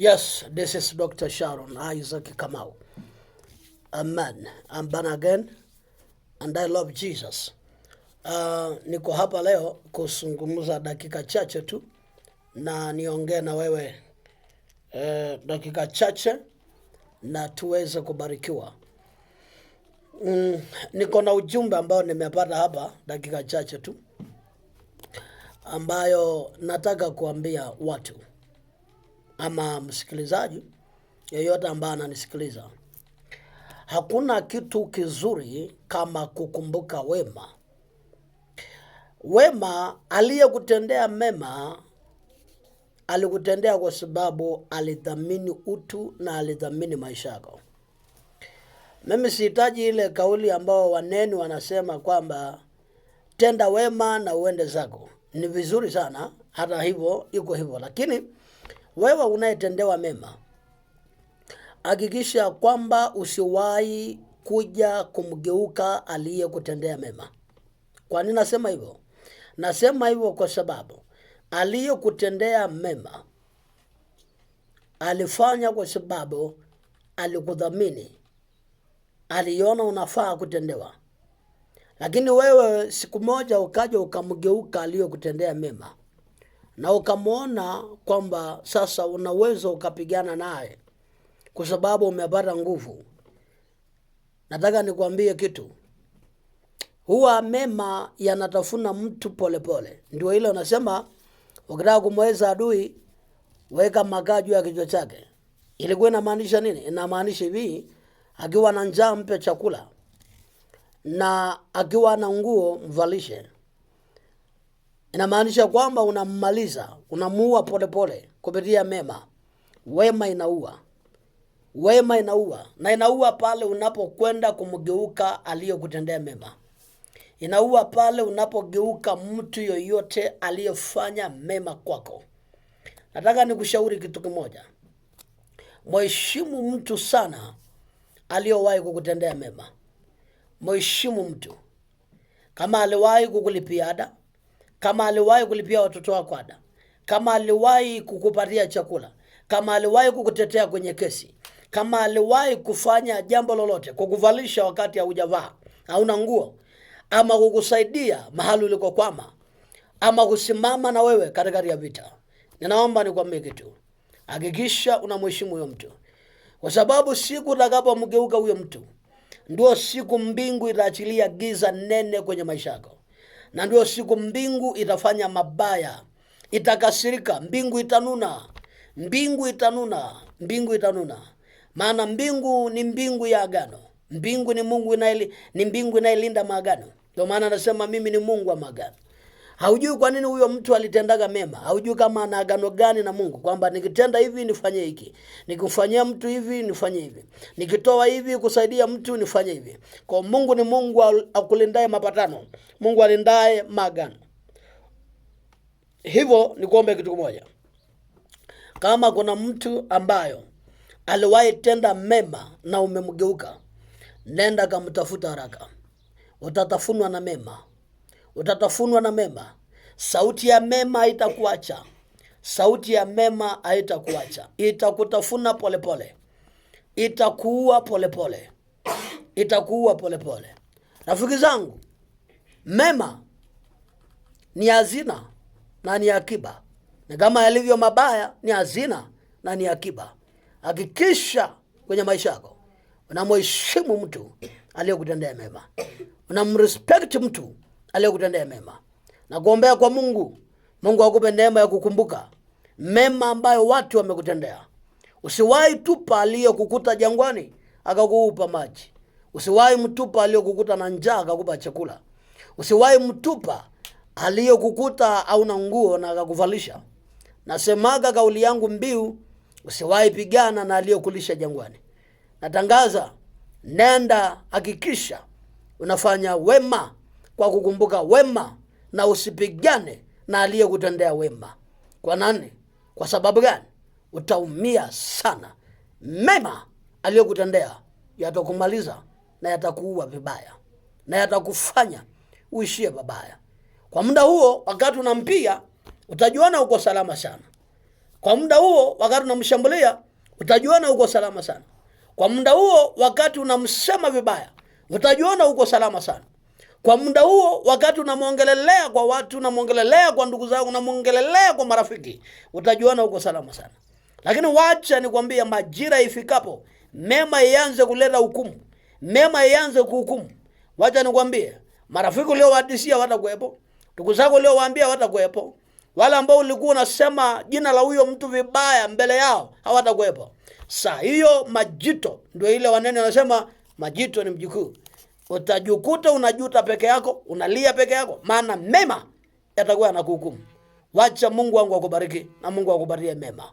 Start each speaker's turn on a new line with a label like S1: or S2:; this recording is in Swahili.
S1: Yes, this is Dr. Sharon Isaac Kamau. Amen. I'm born again and I love Jesus. Uh, niko hapa leo kuzungumza dakika chache tu na niongee na wewe eh, dakika chache na tuweze kubarikiwa. Mm, niko na ujumbe ambao nimepata hapa dakika chache tu ambayo nataka kuambia watu ama msikilizaji yeyote ambaye ananisikiliza, hakuna kitu kizuri kama kukumbuka wema. Wema aliyekutendea mema alikutendea kwa sababu alithamini utu na alithamini maisha yako. Mimi sihitaji ile kauli ambao waneni wanasema kwamba tenda wema na uende zako. Ni vizuri sana, hata hivyo iko hivyo, lakini wewe unayetendewa mema, hakikisha kwamba usiwahi kuja kumgeuka aliyekutendea mema. Kwa nini nasema hivyo? Nasema hivyo kwa sababu aliyekutendea mema alifanya kwa sababu alikudhamini, aliona unafaa kutendewa. Lakini wewe siku moja ukaja ukamgeuka aliyokutendea mema na ukamwona kwamba sasa unaweza ukapigana naye kwa sababu umepata nguvu. Nataka nikuambie kitu, huwa mema yanatafuna mtu polepole. Ndio hilo nasema, ukitaka kumweza adui weka makaa juu ya kichwa chake. Ilikuwa inamaanisha nini? Inamaanisha hivi, akiwa na njaa mpe chakula, na akiwa na nguo mvalishe inamaanisha kwamba unammaliza, unamuua polepole kupitia mema. Wema inaua, wema inaua, na inaua pale unapokwenda kumgeuka aliyokutendea mema. Inaua pale unapogeuka mtu yoyote aliyefanya mema kwako. Nataka nikushauri kitu kimoja, mheshimu mtu sana aliyowahi kukutendea mema. Mheshimu mtu kama aliwahi kukulipia ada kama aliwahi kulipia watoto wako ada, kama aliwahi kukupatia chakula, kama aliwahi kukutetea kwenye kesi, kama aliwahi kufanya jambo lolote, kukuvalisha wakati haujavaa, hauna nguo, ama kukusaidia mahali ulikokwama, ama kusimama na wewe katikati ya vita, ninaomba nikwambie kitu, hakikisha unamheshimu huyo mtu, kwa sababu siku utakapomgeuka huyo mtu, ndio siku mbingu itaachilia giza nene kwenye maisha yako na ndio siku mbingu itafanya mabaya, itakasirika, mbingu itanuna, mbingu itanuna, mbingu itanuna. Maana mbingu ni mbingu ya agano, mbingu ni Mungu inaili, ni mbingu inayelinda maagano. Ndio maana anasema mimi ni Mungu wa maagano. Haujui kwa nini huyo mtu alitendaga mema, haujui kama ana agano gani na Mungu kwamba nikitenda hivi nifanye hiki, nikifanyia mtu hivi nifanye hivi, nikitoa hivi kusaidia mtu nifanye hivi. Kwa Mungu ni Mungu akulindaye mapatano, Mungu alindaye magano. Hivyo nikuombe kitu kimoja, kama kuna mtu ambayo aliwahi tenda mema na umemgeuka, nenda kamtafuta haraka, utatafunwa na mema utatafunwa na mema. Sauti ya mema haitakuacha, sauti ya mema haitakuacha. Itakutafuna polepole, itakuua polepole, itakuua polepole. Rafiki zangu, mema ni hazina na ni akiba, na kama yalivyo mabaya ni hazina na ni akiba. Hakikisha kwenye maisha yako unamheshimu mtu aliyekutendea mema, unamrespect mtu aliyokutendea mema Nakuombea kwa Mungu. Mungu akupe neema ya kukumbuka mema ambayo watu wamekutendea. Usiwahi tupa aliyokukuta jangwani akakupa maji. Usiwahi mtupa aliyokukuta na njaa akakupa chakula. Usiwahi mtupa aliyokukuta hauna nguo na akakuvalisha. Nasemaga kauli yangu mbiu, usiwahi pigana na aliyokulisha jangwani. Natangaza, nenda, hakikisha unafanya wema kwa kukumbuka wema na usipigane na aliyekutendea wema. Kwa nani? Kwa sababu gani? Utaumia sana. Mema aliyokutendea yatakumaliza na yatakuua vibaya na yatakufanya uishie babaya. Kwa muda huo, wakati unampia utajiona uko salama sana. Kwa muda huo, wakati unamshambulia utajiona uko salama sana. Kwa muda huo, wakati unamsema vibaya utajiona uko salama sana. Kwa muda huo, wakati unamwongelelea kwa watu, unamwongelelea kwa ndugu zako, unamwongelelea kwa marafiki, utajiona uko salama sana. Lakini wacha nikwambie, majira ifikapo, mema ianze kuleta hukumu, mema ianze kuhukumu. Wacha nikwambie, marafiki uliowadisia watakuwepo, ndugu zako uliowaambia watakuwepo, wale ambao ulikuwa unasema jina la huyo mtu vibaya mbele yao hawatakuwepo. Saa hiyo majito ndio ile, wanene wanasema majito ni mjukuu utajikuta unajuta peke yako, unalia peke yako, maana mema yatakuwa yanakuhukumu. Wacha Mungu wangu akubariki, na Mungu akubarie mema.